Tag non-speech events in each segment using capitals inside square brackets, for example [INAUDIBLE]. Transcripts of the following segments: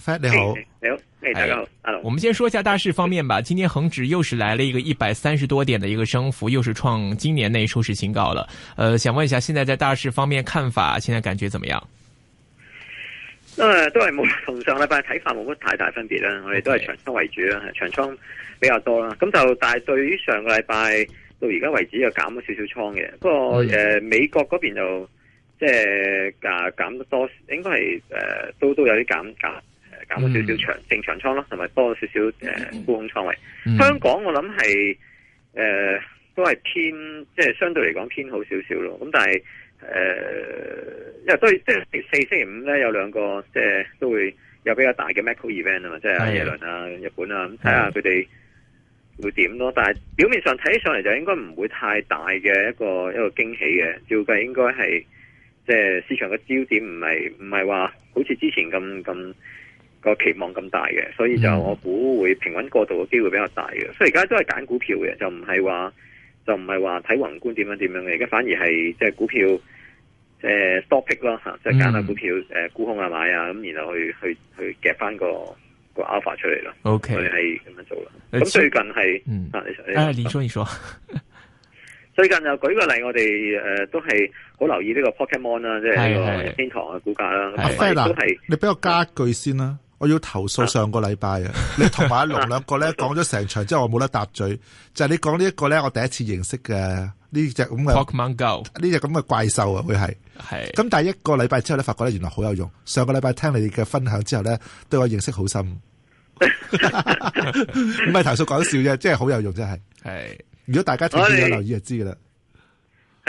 你好，你、hey, hey, hey, hey, 好，你好 Hey.，hello。我們先說一下大市方面吧。今天恆指又是來了一個一百三十多點的一個升幅，又是創今年內收市新高了。呃，想問一下，現在在大市方面看法，現在感覺怎麼樣？誒、呃，都係冇同上禮拜睇法冇乜太大分別啦。我哋都係長倉為主啦，Okay. 長倉比較多啦。咁就但係對於上個禮拜到而家為止又減咗少少倉嘅。不過誒 Okay.、呃，美國嗰邊就即係啊減得多，應該係誒、呃、都都有啲減價。減咗少長長少長正常倉咯，同埋多咗少少誒沽空倉位。嗯嗯、香港我諗係誒都係偏，即係相對嚟講偏好少少咯。咁但係誒，因為對即係星期四星期五咧，有兩個即係都會有比較大嘅 macro event 啊，嘛，即係耶倫啊、日本啊，咁睇下佢哋會點咯。嗯、但係表面上睇起上嚟就應該唔會太大嘅一個一個驚喜嘅。照計應該係即係市場嘅焦點唔係唔係話好似之前咁咁。那個期望咁大嘅，所以就我估會平穩過渡嘅機會比較大嘅。嗯、所以而家都係揀股票嘅，就唔係話就唔係話睇宏觀點樣點樣嘅。而家反而係即係股票誒、呃、topic 咯，吓，即係揀下股票誒，沽、呃、空啊買啊，咁然後去去去夾翻個個 alpha 出嚟咯。OK，係咁樣做啦。咁、嗯、最近係、嗯、啊，你誒，你說、啊、你說，你說 [LAUGHS] 最近就舉個例，我哋誒、呃、都係好留意呢個 Pokemon 啦，即係呢個天堂嘅股價啦。阿是 Sir、啊、是你俾我加一句先啦、啊。我要投訴上個禮拜啊！你同埋阿龍兩個咧講咗成場之後，我冇得答嘴，就係、是、你講呢一個咧，我第一次認識嘅呢隻咁嘅，呢隻咁嘅怪獸啊，會係係。咁是但係一個禮拜之後咧，發覺咧原來好有用。上個禮拜聽你哋嘅分享之後咧，對我認識好深。唔係 [LAUGHS] [LAUGHS] 投訴講笑啫，真係好有用，真係。係是如果大家睇住有留意就知噶啦。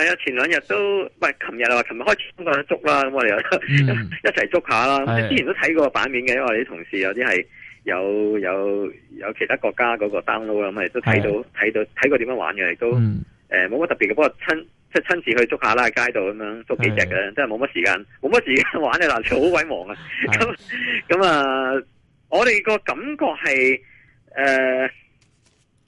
係啊，前兩日都唔係，琴日啊，琴日開始我哋、嗯、 [LAUGHS] 捉啦，咁我哋又一齊捉下啦。之前都睇過版面嘅，因為我哋啲同事有啲係有有有其他國家嗰個 download 啦，咁我哋都睇到睇是的 到睇過點樣玩嘅，亦都誒冇乜特別嘅。不過親即係親，親自去捉下啦，喺街度咁樣捉幾隻嘅的，真係冇乜時間，冇乜是的 時間玩嘅嗱，你好鬼忙啊。咁咁啊，我哋個感覺係誒。呃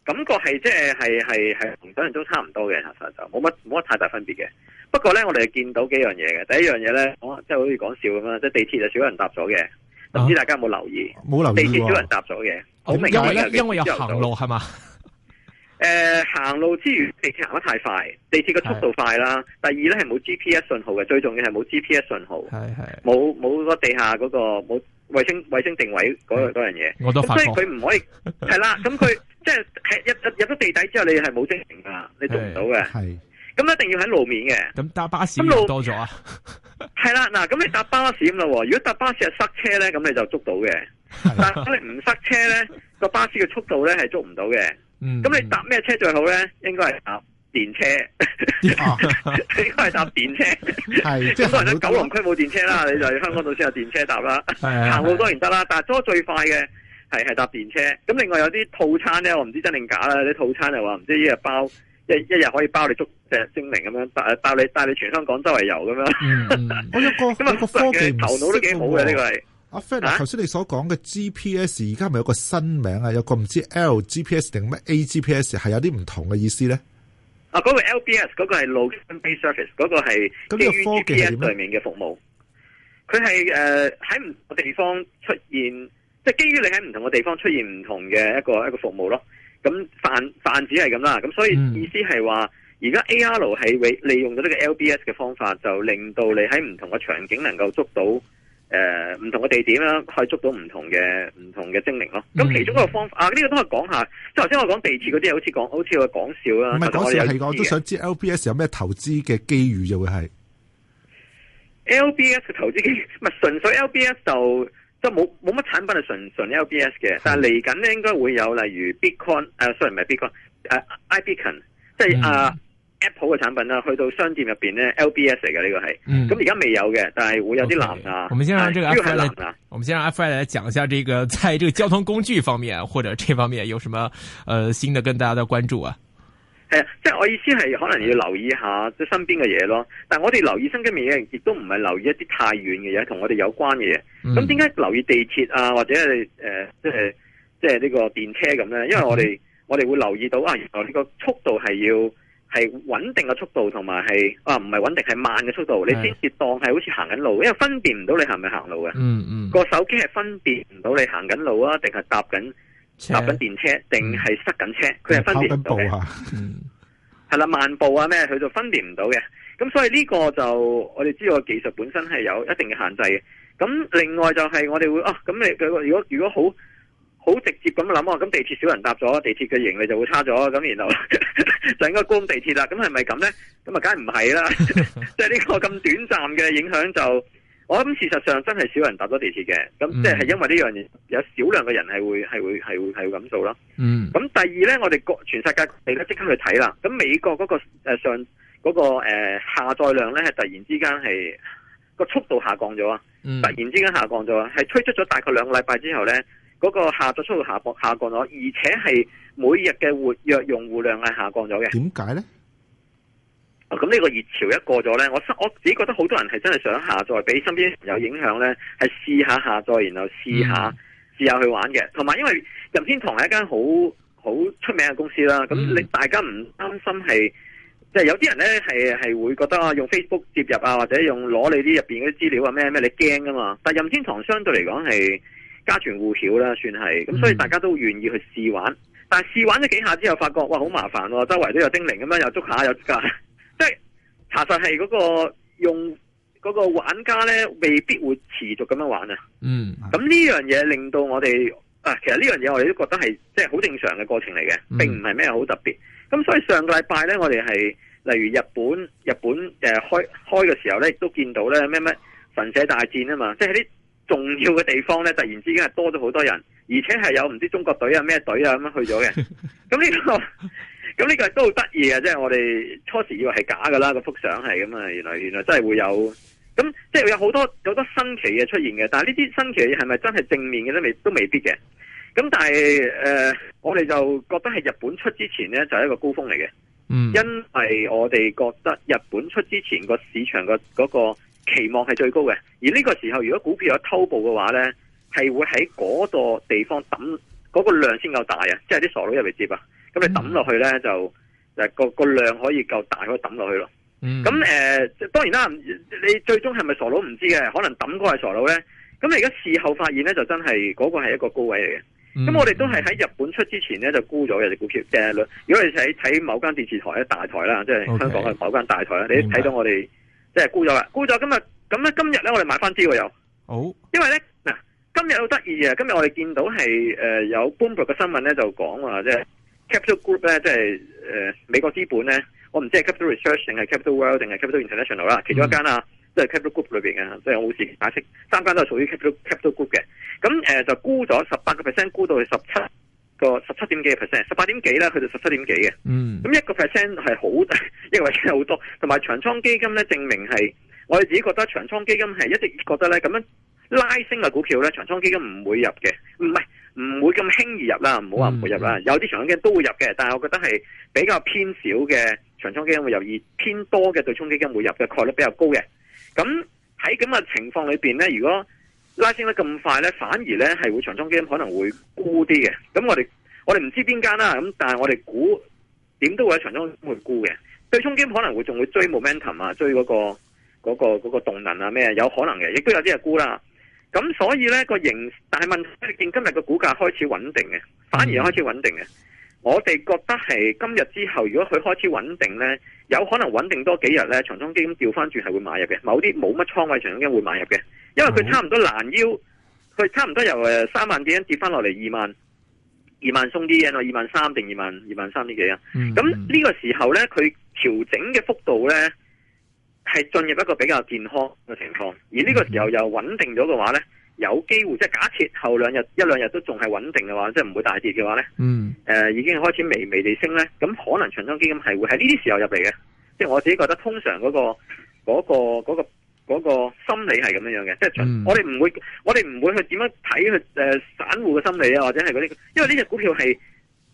感覺係即係係係同上輪都差唔多嘅，其實就冇乜冇乜太大分別嘅。不過咧，我哋見到幾樣嘢嘅。第一樣嘢咧、哦，即係好似講笑咁樣，即係地鐵就少人搭咗嘅。唔、啊、知大家有冇留意？冇留意、啊、地鐵少人搭咗嘅，哦、明顯因為因為有行路係嘛？誒、呃，行路之餘，地鐵行得太快，地鐵嘅速度快啦。是的第二咧係冇 G P S 信號嘅，最重要係冇 G P S 信號，係係冇冇個地下嗰、那個冇衛星衛星定位嗰嗰樣嘢。是的我都發覺，所以佢唔可以係啦。咁佢。 [LAUGHS] 即係入入入咗地底之後，你係冇精靈噶，你捉唔到嘅。係咁，一定要喺路面嘅。咁搭巴士咁路多咗啊？係啦，嗱，咁你搭巴士咁咯。如果搭巴士係塞車咧，咁你就捉到嘅。但係如果你唔塞車咧，個巴士嘅速度咧係捉唔到嘅。咁你搭咩車最好咧？應該係搭電車。應該係搭電車。係，香港九龍區冇電車啦，你就香港度先有電車搭啦。行好多年得啦，但係揸最快嘅。係係搭電車，咁另外有啲套餐咧，我唔知真定假啦。啲套餐又話唔知一日包一一日可以包你捉石精靈咁樣，包誒包你帶你全香港周圍遊咁樣。我、嗯、樣有，有個科技頭腦都幾好嘅呢、啊、個係。阿 Fred 頭先你所講嘅 GPS，而家咪有個新名啊？有個唔知 L GPS 定乜 A GPS 係有啲唔同嘅意思咧？啊，嗰個 LBS 嗰個係 Location Based Service，嗰個係。咁呢個科技點？A GPS 上面嘅服務，佢係誒喺唔個地方出現即係基於你喺唔同嘅地方出現唔同嘅一個一個服務咯，咁泛泛指係咁啦，咁所以意思係話而家 A R 係利用咗呢個 L B S 嘅方法，就令到你喺唔同嘅場景能夠捉到誒唔同嘅地點啦，可以捉到唔同嘅唔同嘅精靈咯。咁其中一個方法、嗯、啊呢個都係講下，即係頭先我講地鐵嗰啲，好似講好似我講笑啦。唔係講笑係我，我都想知 L B S 有咩投資嘅機遇就會係 L B S 嘅投資機遇，係純粹 L B S 就。即冇冇乜產品係純純 LBS 嘅，但係嚟緊咧應該會有 coin，啊，例如 Bitcoin，誒 sorry 唔係 Bitcoin，誒、啊、I Beacon，即係啊、嗯、Apple 嘅產品啦，去到商店入邊咧 LBS 嚟嘅呢、這個係，咁而家未有嘅，但係會有啲藍啊。主要係藍啊！我們先讓阿 Fred 來講、哎啊、一下呢、這個，在這個交通工具方面或者這方面有什麼呃新的跟大家的關注啊。係啊，即係我意思係，可能要留意下即身邊嘅嘢咯。但係我哋留意身邊嘅嘢，亦都唔係留意一啲太遠嘅嘢，同我哋有關嘅嘢。咁點解留意地鐵啊，或者係誒，即係即係呢個電車咁咧？因為我哋我哋會留意到啊，原來呢個速度係要係穩定嘅速度，同埋係啊唔係穩定，係慢嘅速度，你先至當係好似行緊路，因為分辨唔到你係咪行路嘅。嗯嗯、mm，hmm. 個手機係分辨唔到你行緊路啊，定係搭緊。搭緊車電車定係塞緊車，佢係、嗯、分辨唔到嘅，係啦慢步啊咩，佢就分辨唔到嘅。咁所以呢個就我哋知道個技術本身係有一定嘅限制嘅。咁另外就係我哋會啊，咁你佢如果如果好好直接咁諗啊，咁地鐵少人搭咗，地鐵嘅盈利就會差咗，咁然後 [LAUGHS] 就應該關地鐵啦。咁係咪咁咧？咁啊，梗係唔係啦。即係呢個咁短暫嘅影響就。我諗事實上真係少人搭咗地鐵嘅，咁即係因為呢樣嘢、嗯、有少量嘅人係會係會係會係咁做咯。咁、嗯、第二呢，我哋國全世界各地咧，即刻去睇啦。咁美國嗰、嗰個、呃、上嗰、嗰個、呃、下載量呢，係突然之間係、嗰個速度下降咗啊！嗯、突然之間下降咗啊！係推出咗大概兩個禮拜之後呢，嗰、嗰個下載速度下下降咗，而且係每日嘅活躍用戶量係下降咗嘅。點解呢？咁呢個熱潮一過咗呢，我我自己覺得好多人係真係想下載，俾身邊朋友有影響呢，係試下下載，然後試下試下去玩嘅。同埋因為任天堂係一間好好出名嘅公司啦，咁你大家唔擔心係，即係有啲人呢係係會覺得用 Facebook 接入啊，或者用攞你啲入邊嗰啲資料啊咩咩，你驚噶嘛？但任天堂相對嚟講係家傳戶曉啦，算係，咁所以大家都願意去試玩。但試玩咗幾下之後，發覺哇，好麻煩喎，周圍都有精靈咁樣，又捉下又捉下又捉下查實係嗰、嗰個用個玩家咧，未必會持續咁樣玩啊。嗯，咁呢樣嘢令到我哋啊，其實呢樣嘢我哋都覺得係即係好正常嘅過程嚟嘅，並唔係咩好特別。咁所以上個禮拜咧，我哋係例如日本，日本誒、呃、開開嘅時候咧，亦都見到咧咩咩神社大戰啊嘛，即係啲重要嘅地方咧，突然之間係多咗好多人，而且係有唔知中國隊啊咩隊啊咁樣去咗嘅。咁呢、這個。 [LAUGHS] 咁呢個都好得意啊！即係我哋初時以為係假噶啦，個幅相係咁啊，原來原來真係會有咁，即係有好多好多新奇嘅出現嘅。但係呢啲新奇嘢係咪真係正面嘅咧？未都未必嘅。咁但係誒，我哋就覺得係日本出之前咧就係一個高峰嚟嘅，嗯，因為我哋覺得日本出之前個市場個期望係最高嘅。而呢個時候如果股票有偷步嘅話咧，係會喺嗰個地方等嗰個量先夠大啊！即係啲傻佬入嚟接啊！咁你抌落去咧，嗯，就誒個個量可以夠大，可以抌落去咯。咁誒、嗯、呃，當然啦，你最終係咪傻佬唔知嘅？可能抌嗰個係傻佬咧。咁你而家事後發現咧，就真係嗰、那個係一個高位嚟嘅。咁、嗯、我哋都係喺日本出之前咧就沽咗嘅隻股票，即係如果你睇睇某間電視台咧，大台啦，即係香港嘅某間大台啦 Okay, 你睇到我哋白即係沽咗啦，沽咗、oh.。今日咁咧，今日咧我哋買翻啲喎又。好，因為咧，嗱，今日好得意嘅，今日我哋見到係誒、呃、有 Bloomberg 嘅新聞咧，就講話即係。Capital Group 咧，即係誒美國資本咧，我唔知係 Capital Research 定係 Capital World 定係 Capital International 啦，其中一間啊，即係、嗯、Capital Group 裏邊啊，即係我好似解釋三間都係屬於 Capital Capital Group 嘅，咁誒、呃、就沽咗十八個 percent，沽到去十七個十七點幾 percent，十八點幾咧，佢就十七點幾嘅，嗯，咁一個 percent 係好大，因為好多，同埋長倉基金咧證明係我哋自己覺得長倉基金係一直覺得咧咁樣拉升嘅股票咧，長倉基金唔會入嘅，唔係。唔會咁輕易入啦，唔好話唔會入啦。嗯、有啲長倉基金都會入嘅，但係我覺得係比較偏少嘅長倉基金會入，而偏多嘅對沖基金會入嘅概率比較高嘅。咁喺咁嘅情況裏邊呢，如果拉升得咁快呢，反而呢係會長倉基金可能會沽啲嘅。咁我哋我哋唔知邊間啦，咁但係我哋估點都會喺長倉會沽嘅。對沖基金可能會仲會追 momentum 啊、嗰個，追、嗰、嗰個嗰、嗰個嗰、嗰個動能啊咩，有可能嘅，亦都有啲係沽啦。咁所以呢、呢個形，但係問題，見今日個股價開始穩定嘅，反而開始穩定嘅。嗯、我哋覺得係今日之後，如果佢開始穩定呢，有可能穩定多幾日呢。長莊基金調翻轉係會買入嘅。某啲冇乜倉位，長莊基金會買入嘅，因為佢差唔多攔腰，佢差唔多由三萬幾蚊跌翻落嚟二萬，二萬鬆啲嘢二萬三定二萬二萬三啲幾啊？咁呢、嗯嗯、個時候呢，佢調整嘅幅度呢。係進入一個比較健康嘅情況，而呢個時候又穩定咗嘅話呢，有機會即係假設後兩日一兩日都仲係穩定嘅話，即係唔會大跌嘅話咧，誒、嗯呃，已經開始微微地升咧，咁可能長莊基金係會喺呢啲時候入嚟嘅，即係我自己覺得通常嗰、嗰個嗰、嗰個嗰、嗰個嗰、嗰個嗰個心理係咁樣樣嘅，即係、嗯、我哋唔會我哋唔會去點樣睇去散戶嘅心理啊，或者係嗰啲，因為呢隻股票係。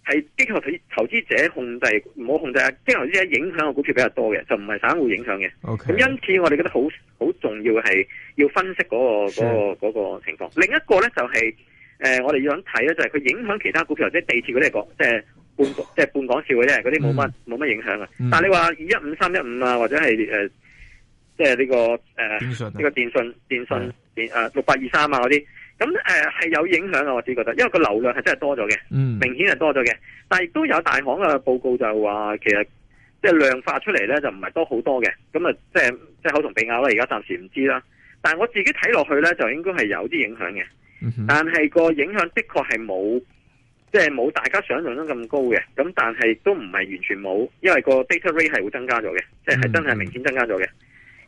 係機構投資者控制，唔好控制啊！機構投資者影響個股票比較多嘅，就唔係散戶影響嘅。咁 Okay. 因此，我哋覺得好好重要係要分析嗰、那個、個的、個情況。另一個咧就係、是、誒、呃，我哋要諗睇咧，就係、是、佢影響其他股票，即係地鐵嗰啲講，即、就、係、是、半即係 [LAUGHS] 半講笑嘅啫，嗰啲冇乜冇乜影響、嗯、但係你話二一五三一五啊，或者係誒，即、呃、係、就是這個呃、呢個誒呢個電訊電訊電誒六八二三啊嗰啲。咁誒係有影響啊！我自己覺得，因為個流量係真係多咗嘅，明顯係多咗嘅。但係亦都有大行嘅報告就話，其實即係量化出嚟咧，就唔係多好多嘅。咁啊，即係即係口同鼻咬啦，而家暫時唔知啦。但係我自己睇落去咧，就應該係有啲影響嘅。嗯、哼但係個影響的確係冇，即係冇大家想象中咁高嘅。咁但係都唔係完全冇，因為個 data rate 係會增加咗嘅，即係係真係明顯增加咗嘅。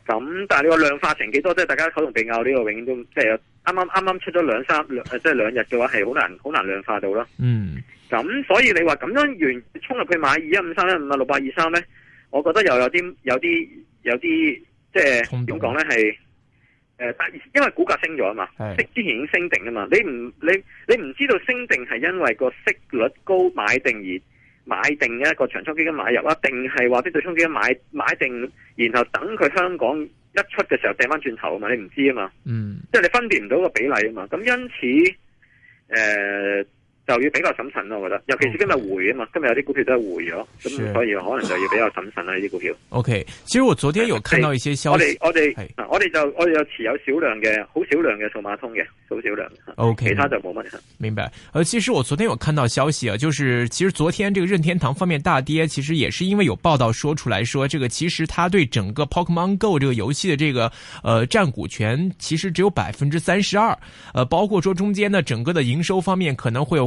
咁但係你話量化成幾多，即係大家口同鼻拗，呢個永遠都即係啱啱啱啱出咗兩三兩即係兩日嘅話係好難好難量化到囉。嗯，咁所以你話咁樣完衝入去買二一五三一五啊六八二三咧，我覺得又有啲有啲有啲即係點講咧係誒，因為股價升咗啊嘛，即係之前已經升定啊嘛是的，你唔你你唔知道升定係因為個息率高買定而。買定一個長冲基金買入啦，定係話啲對沖基金買買定，然後等佢香港一出嘅時候掟翻轉頭啊嘛，嗯、你唔知啊嘛，即係你分辨唔到個比例啊嘛，咁因此誒。呃就要比較審慎咯，我覺得，尤其是今日回啊嘛，今日有啲股票都係回咗，咁是所以可能就要比較審慎啦。呢啲股票。O、okay, K，其實我昨天有看到一些消息，我哋我哋、哎、我哋就我哋有持有少量嘅，好少量嘅數碼通嘅，好少量的。O Okay , K，其他就冇乜。明白。而、呃、其實我昨天有看到消息啊，就是其實昨天這個任天堂方面大跌，其實也是因為有報道說出來說，這個其實它對整個 Pokemon Go 這個遊戲的這個，呃，佔股權其實只有百分之三十二，呃，包括說中間呢，整個的營收方面可能會有。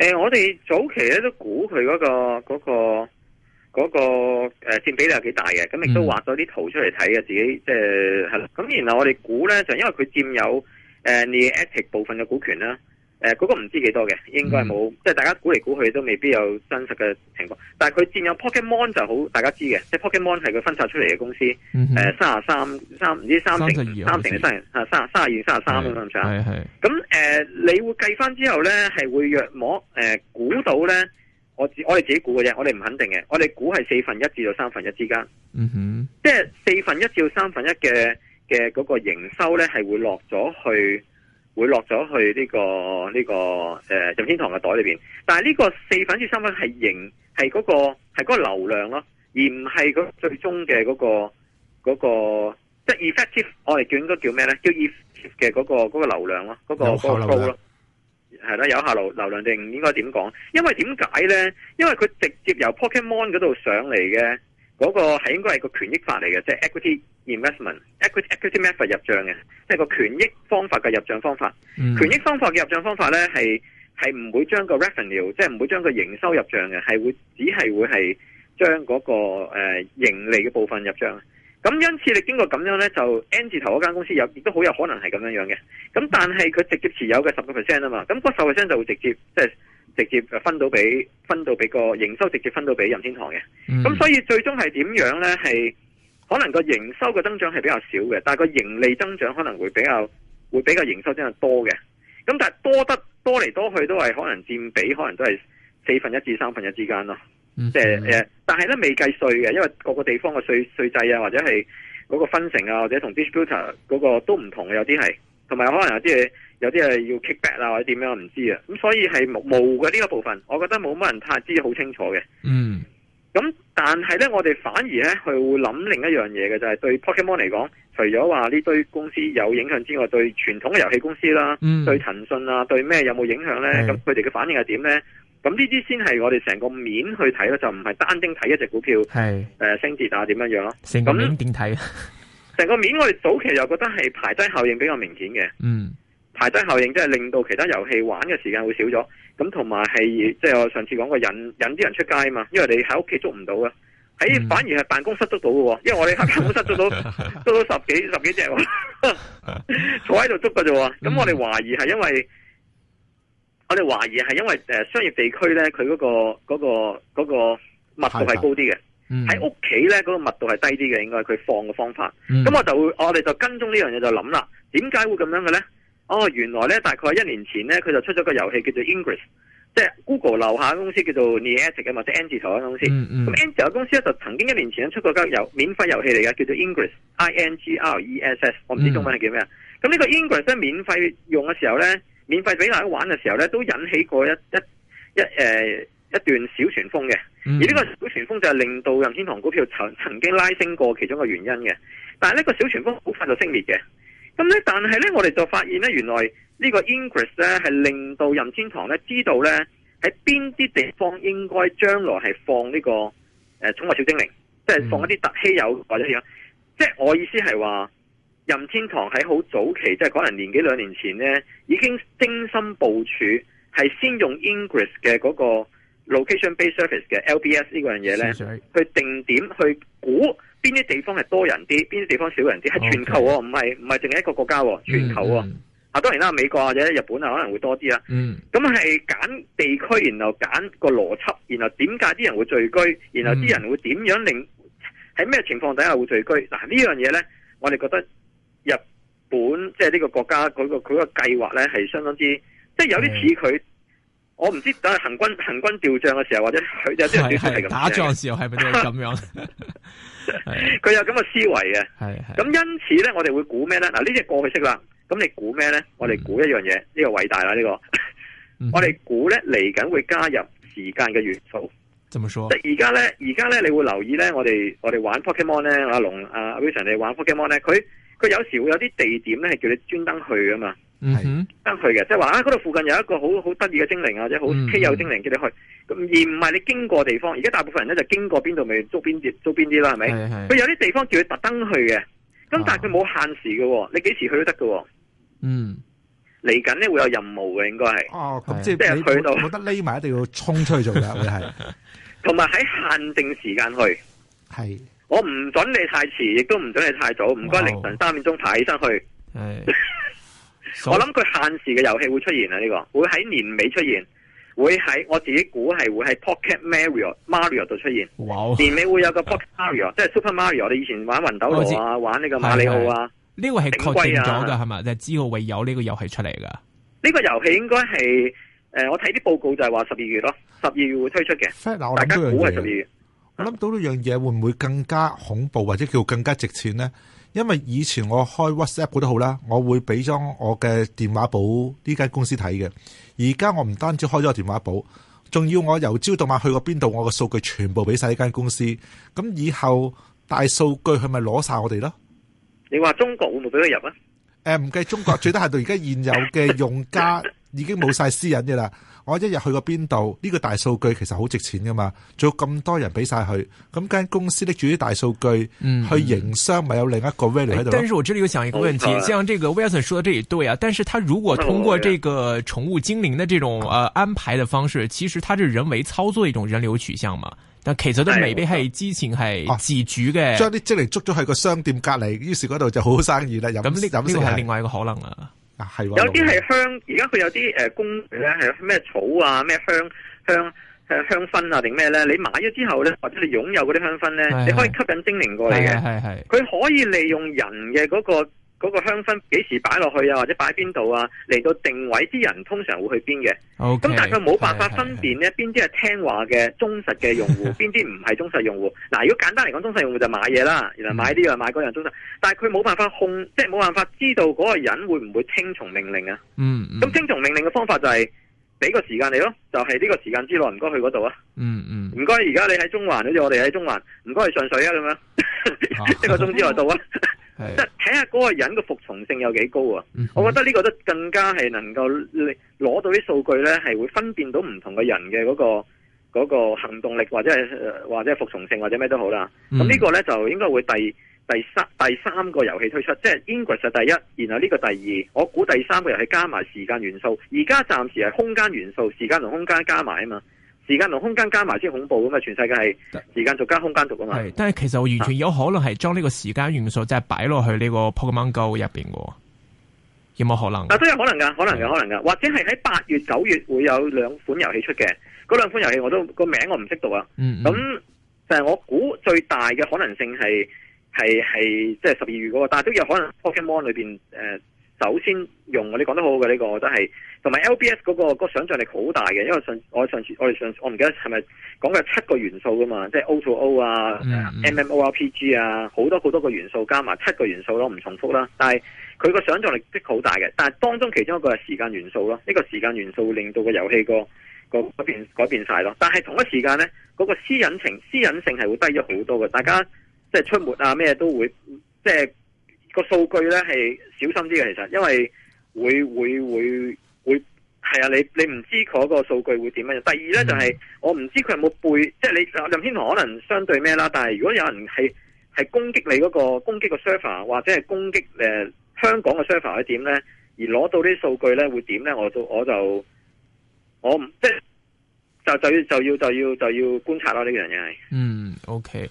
誒、呃，我哋早期咧都估佢嗰、那個、嗰、那個、嗰、那個誒、呃、佔比例幾大嘅，咁亦都畫咗啲圖出嚟睇嘅，自己即係係啦。咁、呃、然後我哋估咧就因為佢占有誒 Niantic 部分嘅股權啦。誒，嗰個唔知幾多嘅，應該冇，嗯、即係大家估嚟估去都未必有真實嘅情況。但係佢占有 Pokemon 就好，大家知嘅，即係 Pokemon 係佢分拆出嚟嘅公司。誒、嗯哼，三廿三三唔知三 32 成三成嘅生意三三二三廿三咁上下。係係。咁誒、嗯呃，你會計翻之後咧，係會約摸誒、呃、估到咧，我我哋自己估嘅啫，我哋唔肯定嘅，我哋估係四分一至到三分一之間。嗯哼，即係四分一至到三分一嘅嘅嗰個營收咧，係會落咗去。會落咗去呢、這個呢、這個誒、呃、任天堂嘅袋裏邊，但係呢個四分之三分係型係嗰、那個係嗰個流量咯，而唔係嗰最終嘅嗰個嗰、那個即係、就是、effective，我哋叫應該叫咩咧？叫 effective 嘅 e、那個嗰、那個流量咯，嗰、那個嗰個 flow 咯，係啦有下流流量定應該點講？因為點解咧？因為佢直接由 Pokemon 嗰度上嚟嘅。嗰個係應該係個權益法嚟嘅，即係 equity investment、equity equity method 入帳嘅，即係個權益方法嘅入帳方法。嗯、權益方法嘅入帳方法咧係係唔會將個 revenue，即係唔會將個營收入帳嘅，係會只係會係將嗰個盈利嘅部分入帳。咁因此你經過咁樣咧，就 N 字頭嗰間公司有，亦都好有可能係咁樣樣嘅。咁但係佢直接持有嘅十個 percent 啊嘛，咁嗰十 percent 就會直接即係直接分到俾分到俾個營收直接分到俾任天堂嘅，咁、mm. 所以最終係點樣呢？係可能個營收嘅增長係比較少嘅，但係個盈利增長可能會比較會比較營收增長多嘅。咁但係多得多嚟多去都係可能占比，可能都係四分一至三分一之間咯。即係、mm hmm. 即係、但係呢，未計稅嘅，因為各個地方嘅稅稅制啊，或者係嗰個分成啊，或者同 distributor 嗰個都唔同嘅，有啲係同埋可能有啲嘢。有啲係要 kick back 啊，或者點樣我唔知啊，咁、嗯、所以係冇嘅，呢個部分，我覺得冇乜人太知好清楚嘅。嗯，咁、嗯、但係呢，我哋反而呢，佢會諗另一樣嘢嘅，就係、是、對 Pokemon 嚟講，除咗話呢堆公司有影響之外，對傳統嘅遊戲公司啦、嗯，對對騰訊啊，對咩有冇影響呢？咁佢哋嘅反應係點呢？咁呢啲先係我哋成個面去睇咯，就唔係單丁睇一隻股票，係是、呃、升跌啊，點樣樣？成個、嗯、個面點睇？成個面我哋早期又覺得係排低效應比較明顯嘅。嗯。排擠效應，即係令到其他遊戲玩嘅時間會少咗，咁同埋係即係我上次講過引引啲人出街啊嘛，因為你喺屋企捉唔到㗎，喺、嗯、反而係辦公室捉到嘅，因為我哋辦公室捉到 [LAUGHS] 捉到十幾十幾隻，啊， [LAUGHS] 坐喺度捉㗎啫喎，咁我哋懷疑係因為，嗯、我哋懷疑係因為誒商業地區咧，佢嗰個、嗰個、嗰個密度係高啲嘅，喺屋企咧嗰個密度係低啲嘅，應該係佢放嘅方法，咁、嗯、我就會我哋就跟蹤呢樣嘢就諗啦，點解會咁樣嘅咧？哦，原來咧大概一年前咧，佢就出咗個遊戲叫做 Ingress，即係 Google 樓下的公司叫做 Niantic 嘅或者 a n g i o 投產公司。咁 Angie、嗯嗯、公司咧就曾經一年前出過個免費遊戲嚟嘅，叫做 Ingress，I N G R E S S。S，我唔知中文係叫咩啊？咁、嗯、呢個 Ingress 咧免費用嘅時候咧，免費俾大家玩嘅時候咧，都引起過一一一、呃、一段小旋風嘅。嗯、而呢個小旋風就係令到任天堂股票曾曾經拉升過其中嘅原因嘅。但係呢個小旋風好快就熄滅嘅。咁咧，但係咧，我哋就發現咧，原來這個呢個 Ingress 咧，係令到任天堂咧，知道咧喺邊啲地方應該將來係放呢、這個誒寵物小精靈，即係放一啲特稀有或者樣。嗯、即係我意思係話，任天堂喺好早期，即、就、係、是、可能年幾兩年前咧，已經精心部署，係先用 Ingress 嘅嗰個 location-based service 嘅 LBS 呢樣嘢咧，去去定點去估。邊啲地方係多人啲，邊啲地方少人啲，係 Okay. 全球喎，唔係唔係淨係一個國家喎，全球喎。Mm hmm. 啊，當然啦，美國或者日本啊，可能會多啲啦。咁係揀地區，然後揀個邏輯，然後點解啲人會聚居，然後啲人會點樣令喺咩、mm hmm. 情況底下會聚居？嗱、啊，呢樣嘢呢，我哋覺得日本即係呢個國家，佢個佢個計劃呢係相當之，即係有啲似佢。Mm hmm. 我唔知等係行軍行軍調將嘅時候，或者佢有啲點樣嚟嘅打仗時候係咪咁樣？佢 [LAUGHS] [LAUGHS] 有咁嘅思維嘅，係係咁，因此咧，我哋會估咩咧？嗱，呢只過去式啦，咁你估咩咧？我哋估一樣嘢，呢個偉大啦，呢個我哋估咧嚟緊會加入時間嘅元素。怎麼說？而家咧，而家咧，你會留意咧，我哋我哋玩 Pokemon 咧，阿龍阿 Vincent 你玩 Pokemon 咧，佢佢有時會有啲地點咧，係叫你專登去啊嘛。嗯，登去嘅，即係話啊，嗰度附近有一個好好得意嘅精靈或者好稀有精靈，叫你去。咁而唔係你經過地方，而家大部分人咧就經過邊度咪租邊啲租邊啲啦，係咪？佢有啲地方叫你特登去嘅，咁但係佢冇限時嘅，你幾時去都得㗎。嗯，嚟緊咧會有任務嘅，應該係。哦，咁即係你，冇得匿埋一定要衝出去做嘅，會係。同埋喺限定時間去。係，我唔準你太遲，亦都唔準你太早。唔該，凌晨三點鐘爬起身去。係。.我諗佢限時嘅遊戲會出現啊！呢個會喺年尾出現，會喺我自己估係會喺 Pocket Mario、Mario 度出現。哇！年尾會有個 Pocket Mario，是的即係 Super Mario，你以前玩魂斗羅啊，玩呢個馬里奧啊。呢個係確定咗噶係咪？就知會會有呢個遊戲出嚟噶。呢個遊戲應該係誒，我睇啲報告就係話十二月咯，十二月會推出嘅。大家估係十二月。我諗到呢樣嘢會唔會更加恐怖或者叫更加值錢咧？因為以前我開 WhatsApp 都好啦，我會俾咗我嘅電話簿呢間公司睇嘅。而家我唔單止開咗個電話簿，仲要我由朝到晚去過邊度，我嘅數據全部俾晒呢間公司。咁以後大數據係咪攞晒我哋咯？你話中國會唔會俾佢入啊？誒，唔計中國，最多係到而家現有嘅用家已經冇晒私隱嘅啦。 [LAUGHS] 我一日去過邊度？呢、這個大數據其實好值錢噶嘛，仲有咁多人俾晒佢，咁間公司拎住啲大數據去營商，咪、嗯、有另一個威力喺度。但是，我這裏又想一個問題，像這個 Wilson、well、說，這也對啊。但是他如果通過這個寵物精靈的這種呃安排的方式，其實他是人為操作一種人流取向嘛。但其實都未必係之前係自主嘅。將啲、啊、精靈捉咗去個商店隔離於是嗰度就好生意啦。咁呢，呢這個係另外一個可能啊。有啲係香，而家佢有啲誒、呃、工咧，係咩草啊，咩香香誒香薰啊定咩咧？你買咗之後咧，或者你擁有嗰啲香薰咧，係係你可以吸引精靈過嚟嘅，佢是可以利用人嘅嗰、嗰個。嗰個香薰幾時擺落去啊，或者擺邊度啊？嚟到定位啲人通常會去邊嘅？咁 Okay, 但係佢冇辦法分辨呢邊啲係聽話嘅忠 [LAUGHS] 實嘅用戶，邊啲唔係忠實用戶？嗱，如果簡單嚟講，忠實用戶就買嘢啦，然後買呢樣買嗰樣忠實，嗯、但係佢冇辦法控，即係冇辦法知道嗰個人會唔會聽從命令啊、嗯？嗯，咁聽從命令嘅方法就係、是。俾個時間你咯，就係、是、呢個時間之內唔該去嗰度啊。嗯嗯，唔、嗯、該，而家你喺中環，好似我哋喺中環，唔該去上水啊，咁樣、啊、 [LAUGHS] 一個鐘之內到啊。即係睇下嗰個人嘅服從性有幾高啊。嗯、我覺得呢個都更加係能夠攞到啲數據呢係會分辨到唔同嘅人嘅嗰、那個嗰、那個行動力或者係或者服從性或者咩都好啦。咁呢、嗯、個呢，就應該會第二。第三，第三個遊戲推出，即係 Ingress 係第一，然後呢個第二，我估第三個遊戲加埋時間元素，而家暫時係空間元素，時間同空間加埋啊嘛，時間同空間加埋先恐怖咁嘛，全世界係時間軸加空間軸啊嘛，係，但係其實我完全有可能係將呢個時間元素即係擺落去呢個 Pokemon Go 入邊個，有冇可能？啊，都有可能噶，可能有可能噶，或者係喺八月九月會有兩款遊戲出嘅，嗰兩款遊戲我都個名我唔識讀啊，咁、嗯嗯、就係我估最大嘅可能性係。係係即係十二月嗰、那個，但係都有可能 Pokemon 裏邊誒、呃，首先用我你講得好好嘅呢個，真係同埋 LBS 嗰個個想象力好大嘅，因為上我上次我哋上我唔記得係咪講嘅七個元素噶嘛，即係 O2O 啊，MMO、hmm. uh, MMORPG 啊，好多好多個元素加埋七個元素咯，唔重複啦。但係佢個想象力即好大嘅，但係當中其中一個係時間元素咯，呢、這個時間元素會令到個遊戲個個改變改變晒咯。但係同一時間咧，嗰、那個私隱情私隱性係會低咗好多嘅，大家。即係出沒啊咩都會，即係個數據呢係小心啲嘅，其實因為會會會會係啊！你你唔知佢個數據會點樣。第二呢，就係、是、我唔知佢有冇背，即係你林天豪可能相對咩啦。但係如果有人係係攻擊你嗰個攻擊個 server 或者係攻擊誒、呃、香港嘅 server 係點呢，而攞到啲數據呢會點呢？我就我就我即係就就要就要就要就要觀察咯呢樣嘢。嗯，OK。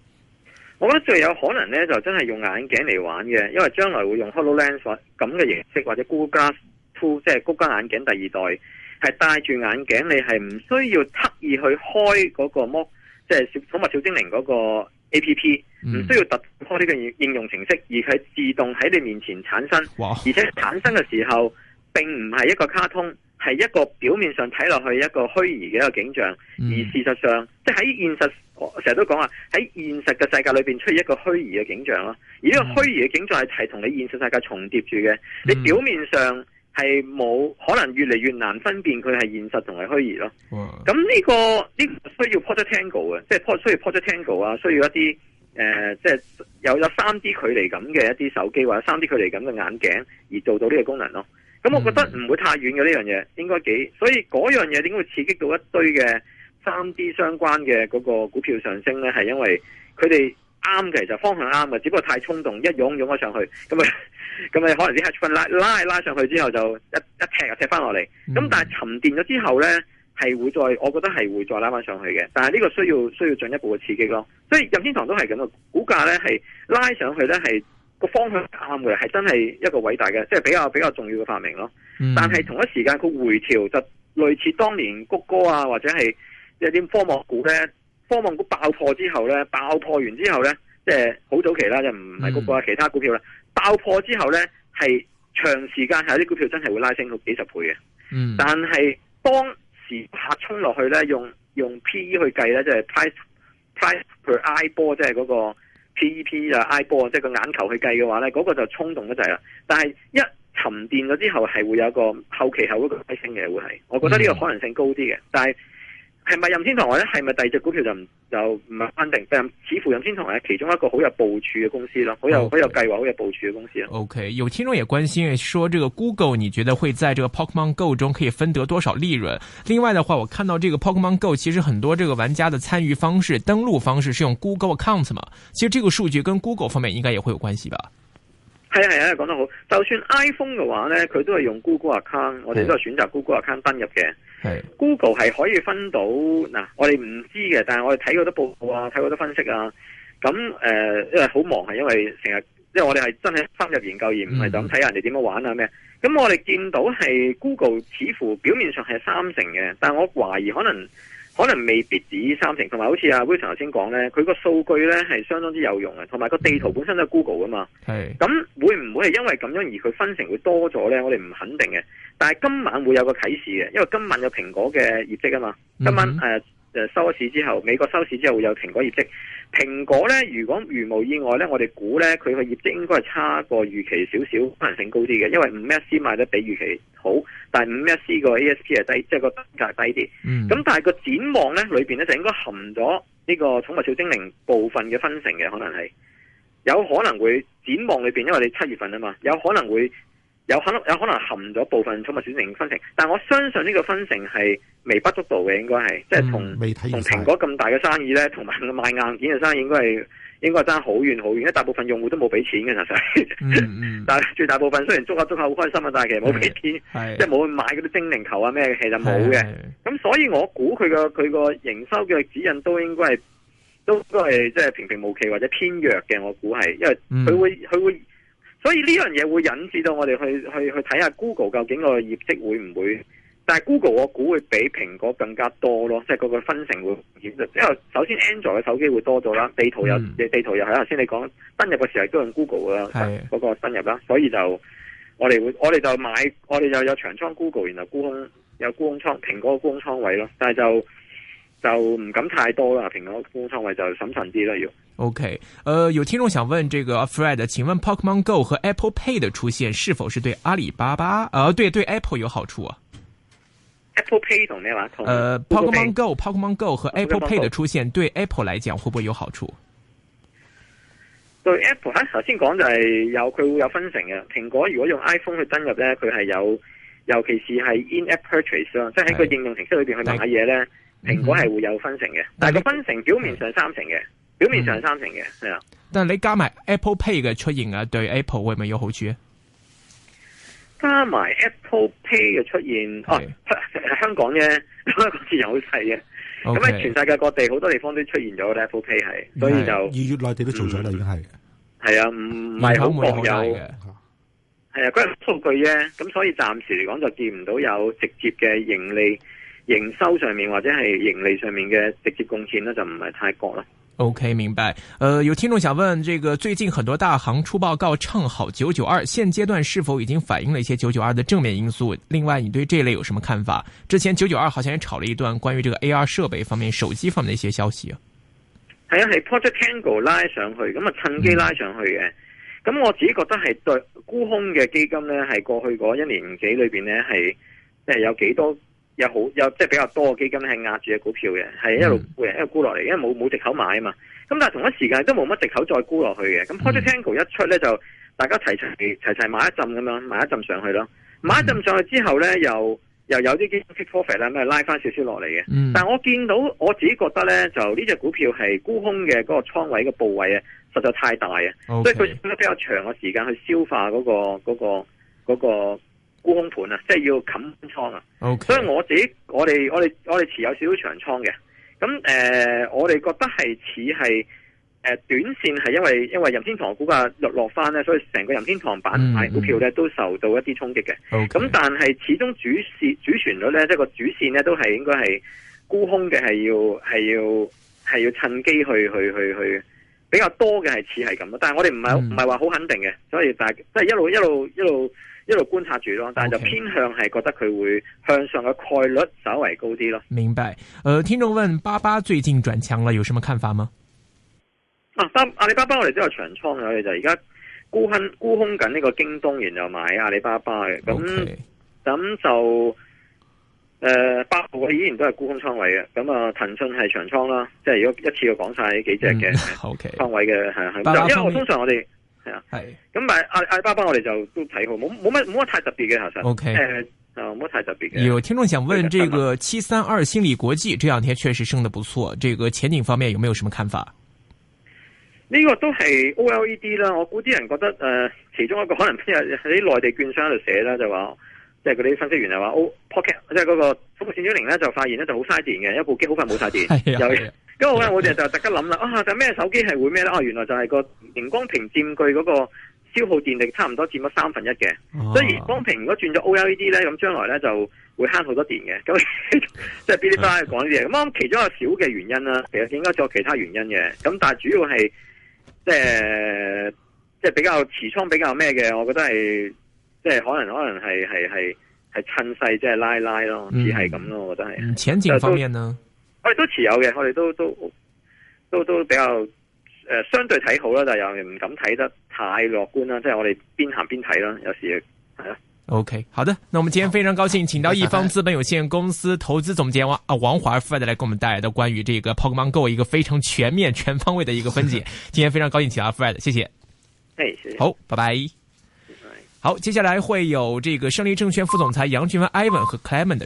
我覺得最有可能咧，就真係用眼鏡嚟玩嘅，因為將來會用 HoloLens 咁嘅形式，或者 Google Glass Two，即係谷歌眼鏡第二代，係戴住眼鏡，你係唔需要刻意去開嗰個魔，即係小寵物小精靈嗰個 APP，唔需要突開呢個應用程式，而佢自動喺你面前產生，而且產生嘅時候並唔係一個卡通，係一個表面上睇落去一個虛擬嘅一個景象，嗯、而事實上即係喺現實。我成日都講啊，喺現實嘅世界裏邊出現一個虛擬嘅景象咯，而呢個虛擬嘅景象係係同你現實世界重疊住嘅，你表面上係冇可能越嚟越難分辨佢係現實同埋虛擬咯。咁呢哇、這個呢、這個需要 Project Tango 嘅，即係需要 Project Tango 啊，需要一啲誒，即、呃、係、就是、有有三 D 距離咁嘅一啲手機或者三 D 距離咁嘅眼鏡而做到呢個功能咯。咁我覺得唔會太遠嘅呢樣嘢，應該幾，所以嗰樣嘢點會刺激到一堆嘅？三 D 相關嘅嗰個股票上升咧，係因為佢哋啱嘅，其實方向啱啊，只不過太衝動，一擁擁咗上去，咁啊，咁啊，可能啲 hedge fund 拉拉上去之後，就一一踢啊，踢翻落嚟。咁但係沉澱咗之後咧，係會再，我覺得係會再拉翻上去嘅。但係呢個需要需要進一步嘅刺激咯。所以任天堂都係咁啊，股價咧係拉上去咧係個方向啱嘅，係真係一個偉大嘅，即係比較比較重要嘅發明咯。嗯、但係同一時間佢回調就類似當年谷歌啊，或者係。有啲科網股咧，科網股爆破之後咧，爆破完之後咧，即係好早期啦，就唔係嗰個啊其他股票啦。爆破之後咧，係長時間係有啲股票真係會拉升到幾十倍嘅。嗯，但係當時下衝落去咧，用用 P E 去計咧，即、就、係、是、pr price price per eyeball，即係嗰個 P E P 啊，I 波，即係個眼球去計嘅話咧，嗰、嗰個就衝動得滯啦。但係一沉澱咗之後，係會有一個後期後一個拉升嘅，會係，我覺得呢個可能性高啲嘅。嗯、但係。係咪任天堂或者係咪第二隻股票就就唔係肯定。但、呃、似乎任天堂係其中一個好有部署嘅公司咯，好有好有計劃、好有部署嘅公司咯。OK, okay. 有聽眾也關心，因為說這個 Google 你覺得會在這個 Pokémon Go 中可以分得多少利潤？另外的話，我看到這個 Pokémon Go 其實很多這個玩家的參與方式、登錄方式是用 Google Account 嘛，其實這個數據跟 Google 方面應該也會有關係吧。係啊係啊，講得好。就算 iPhone 嘅話呢，佢都係用 Google account，我哋都係選擇 Google account 登入嘅。係、哦、Google 係可以分到嗱，我哋唔知嘅，但係我哋睇過啲報告啊，睇過啲分析啊。咁誒、呃，因為好忙，係因為成日，因為我哋係真係深入研究而唔係就咁睇人哋點樣玩啊咩。咁、嗯、我哋見到係 Google 似乎表面上係三成嘅，但我懷疑可能。可能未必止三成，同埋好似阿 Wilson 頭先講咧，佢個數據咧係相當之有用嘅，同埋個地圖本身都係 Google 噶嘛，係、mm，咁、hmm. 會唔會係因為咁樣而佢分成會多咗咧？我哋唔肯定嘅，但係今晚會有個啟示嘅，因為今晚有蘋果嘅業績啊嘛，今晚誒。Mm hmm. uh, 就收市之後，美國收市之後會有蘋果業績。蘋果咧，如果如無意外咧，我哋估咧佢個業績應該係差過預期少少，可能性高啲嘅。因為五一 C 賣得比預期好，但係五一 C 個 ASP 係低，即係個價低啲。咁、嗯、但係個展望咧裏邊咧就應該含咗呢個《寵物小精靈》部分嘅分成嘅，可能係有可能會展望裏邊，因為你七月份啊嘛，有可能會。有能有可能含咗部分寵物選成分成，但我相信呢個分成係微不足道嘅，應該係即係同同蘋果咁大嘅生意咧，同埋賣硬件嘅生意應該，應該係應該爭好遠好遠，因為大部分用戶都冇俾錢嘅，其實，嗯嗯、但係絕大部分雖然捉下捉下好開心啊，但係其實冇俾錢，是即係冇去買嗰啲精靈球啊咩嘅，其實冇嘅。咁的所以我估佢個佢個營收嘅指引都應該係都都係即係平平無奇或者偏弱嘅，我估係，因為佢會佢會。嗯所以呢樣嘢會引致到我哋去去去睇下 Google 究竟個業績會唔會？但係 Google 我估會比蘋果更加多咯，即係個個分成會顯著。因為首先 Android 嘅手機會多咗啦，地圖又、嗯、地圖又係頭先你講登入嘅時候都用 Google 啦，嗰是的 個登入啦，所以就我哋會我哋就買我哋就有長倉 Google，然後沽空有沽空倉，蘋果沽空倉位咯，但係就。就唔敢太多啦，蘋果公司倉位就審慎啲啦要審審。OK，誒、呃，有聽眾想問，這個 Fred，請問 Pokemon Go 和 Apple Pay 的出現是否是對阿里巴巴？誒、呃，對對 Apple 有好處啊？Apple Pay 同咩話？同誒 Pokemon Go，Pokemon Go 和 Apple、oh, Pay 的出現 Google. 對 Apple 來講會不會有好處？對 Apple 咧、啊，頭先講就係有佢會有分成嘅。蘋果如果用 iPhone 去登入咧，佢係有，尤其是係 In App Purchase 啦、哎，即係喺個應用程式裏邊去買嘢咧但。蘋果係會有分成嘅，但係個分成表面上三成嘅，表面上三成嘅，係啊、嗯。是吧但係你加埋 Apple Pay 嘅出現啊，對 Apple 會唔會有好處啊？加埋 Apple Pay 嘅出現，哦是、啊，香港啫，香港市場好細嘅。咁喺 Okay, 全世界各地好多地方都出現咗 Apple Pay，係，所以就二月內地都做咗啦，已經係。係啊，唔係好各有嘅。係啊，關數據啫，咁所以暫時嚟講就見唔到有直接嘅盈利。營收上面或者係盈利上面嘅直接貢獻呢，就唔係太高啦。OK，明白。呃，有聽眾想問，這個最近很多大行出報告唱好九九二，現階段是否已經反映了一些九九二的正面因素？另外，你對這類有什麼看法？之前九九二好像也炒了一段關於這個 A R 設備方面、手機方面的一些消息啊。係啊，係 Project Tango 拉上去，咁啊趁機拉上去嘅。咁、嗯、我自己覺得係對沽空嘅基金呢，係過去嗰一年幾裏邊呢，係即係有幾多。有好有即係比較多嘅基金係壓住嘅股票嘅，係一路一路沽落嚟，因為冇冇藉口買啊嘛。咁但係同一時間都冇乜藉口再沽落去嘅。咁 Pokemon Go 一出咧，就大家齊齊齊齊買一浸咁樣買一浸上去咯。買一浸上，上去之後咧，又又有啲基金 take profit 咧，咁拉翻少少落嚟嘅。但係我見到我自己覺得咧，就呢隻股票係沽空嘅嗰個倉位嘅部位啊實在太大啊，所以佢需要比較長嘅時間去消化嗰個嗰個嗰個。那個那個沽空盤啊，即係要冚倉啊，Okay. 所以我自己我哋我哋我哋持有少少長倉嘅，咁誒、呃、我哋覺得係似係誒短線係因為因為任天堂股價落落翻咧，所以成個任天堂板牌股票咧都受到一啲衝擊嘅，咁 Okay. 但係始終主，主，主線主旋律咧即係個主線咧都係應該係沽空嘅係要係要係要，要趁機去去去去比較多嘅係似係咁咯，但係我哋唔係唔係話好肯定嘅，所以大即係一路一路一路。一路一路一路一路觀察住咯，但係就偏向係覺得佢會向上嘅概率稍為高啲咯。明白。誒、呃，聽眾問：，巴巴最近轉強了，有什麼看法嗎？啊，阿里巴巴我哋都有長倉嘅，我哋就而家沽空沽空緊呢個京東，然後買阿里巴巴嘅。咁咁 Okay. 就誒，八、呃、號我依然都係沽空倉位嘅。咁啊，騰訊係長倉啦，即係如果一次要講晒呢幾隻嘅倉位嘅係，因為我通常我哋。係啊，係咁，但係阿里巴巴我哋就都睇好，冇冇乜冇乜太特別嘅其實。O K，誒，冇乜太特別嘅。有聽眾想問，呢個七三二信利國際這兩天確實升得不錯，這個前景方面有沒有什麼看法？呢個都係 O L E D 啦，我估啲人覺得誒、呃，其中一個可能即係喺內地券商度寫啦，就話即係嗰啲分析員又話 O pocket，即係嗰個風建一零咧就發現咧就好嘥電嘅，一部機好快冇晒電。因為咧， [LAUGHS] 我哋就特登諗啦，啊，就咩手機係會咩咧？哦、啊，原來就係個熒光屏佔據嗰個消耗電力差唔多佔咗三分一嘅。啊、所以熒光屏如果轉咗 OLED 咧，咁將來咧就會慳好多電嘅。咁即係 Billy 講啲嘢。咁、啊、其中有少嘅原因啦，其實應該仲有其他原因嘅。咁但係主要係即係即係比較持倉比較咩嘅，我覺得係即係可能可能係係係係趁勢即係拉拉咯，只係咁咯，我覺得係。前景方面呢？我哋都持有嘅，我哋都都都都比較誒、呃、相對睇好啦，但係又唔敢睇得太樂觀啦，即係我哋邊行邊睇啦，有時係。OK，好的，那我們今天非常高興，請到一方資本有限公司投資總監王啊 [LAUGHS] 王華 Fred 來給我們帶來的關於這個 Pokemon Go 一個非常全面全方位的一個分解。 [LAUGHS] 今天非常高興請到、啊、Fred，謝謝。誒， [LAUGHS] 好，拜拜。 [LAUGHS] 好，接下來會有這個勝利證券副總裁楊俊文 Ivan 和 Clement 的。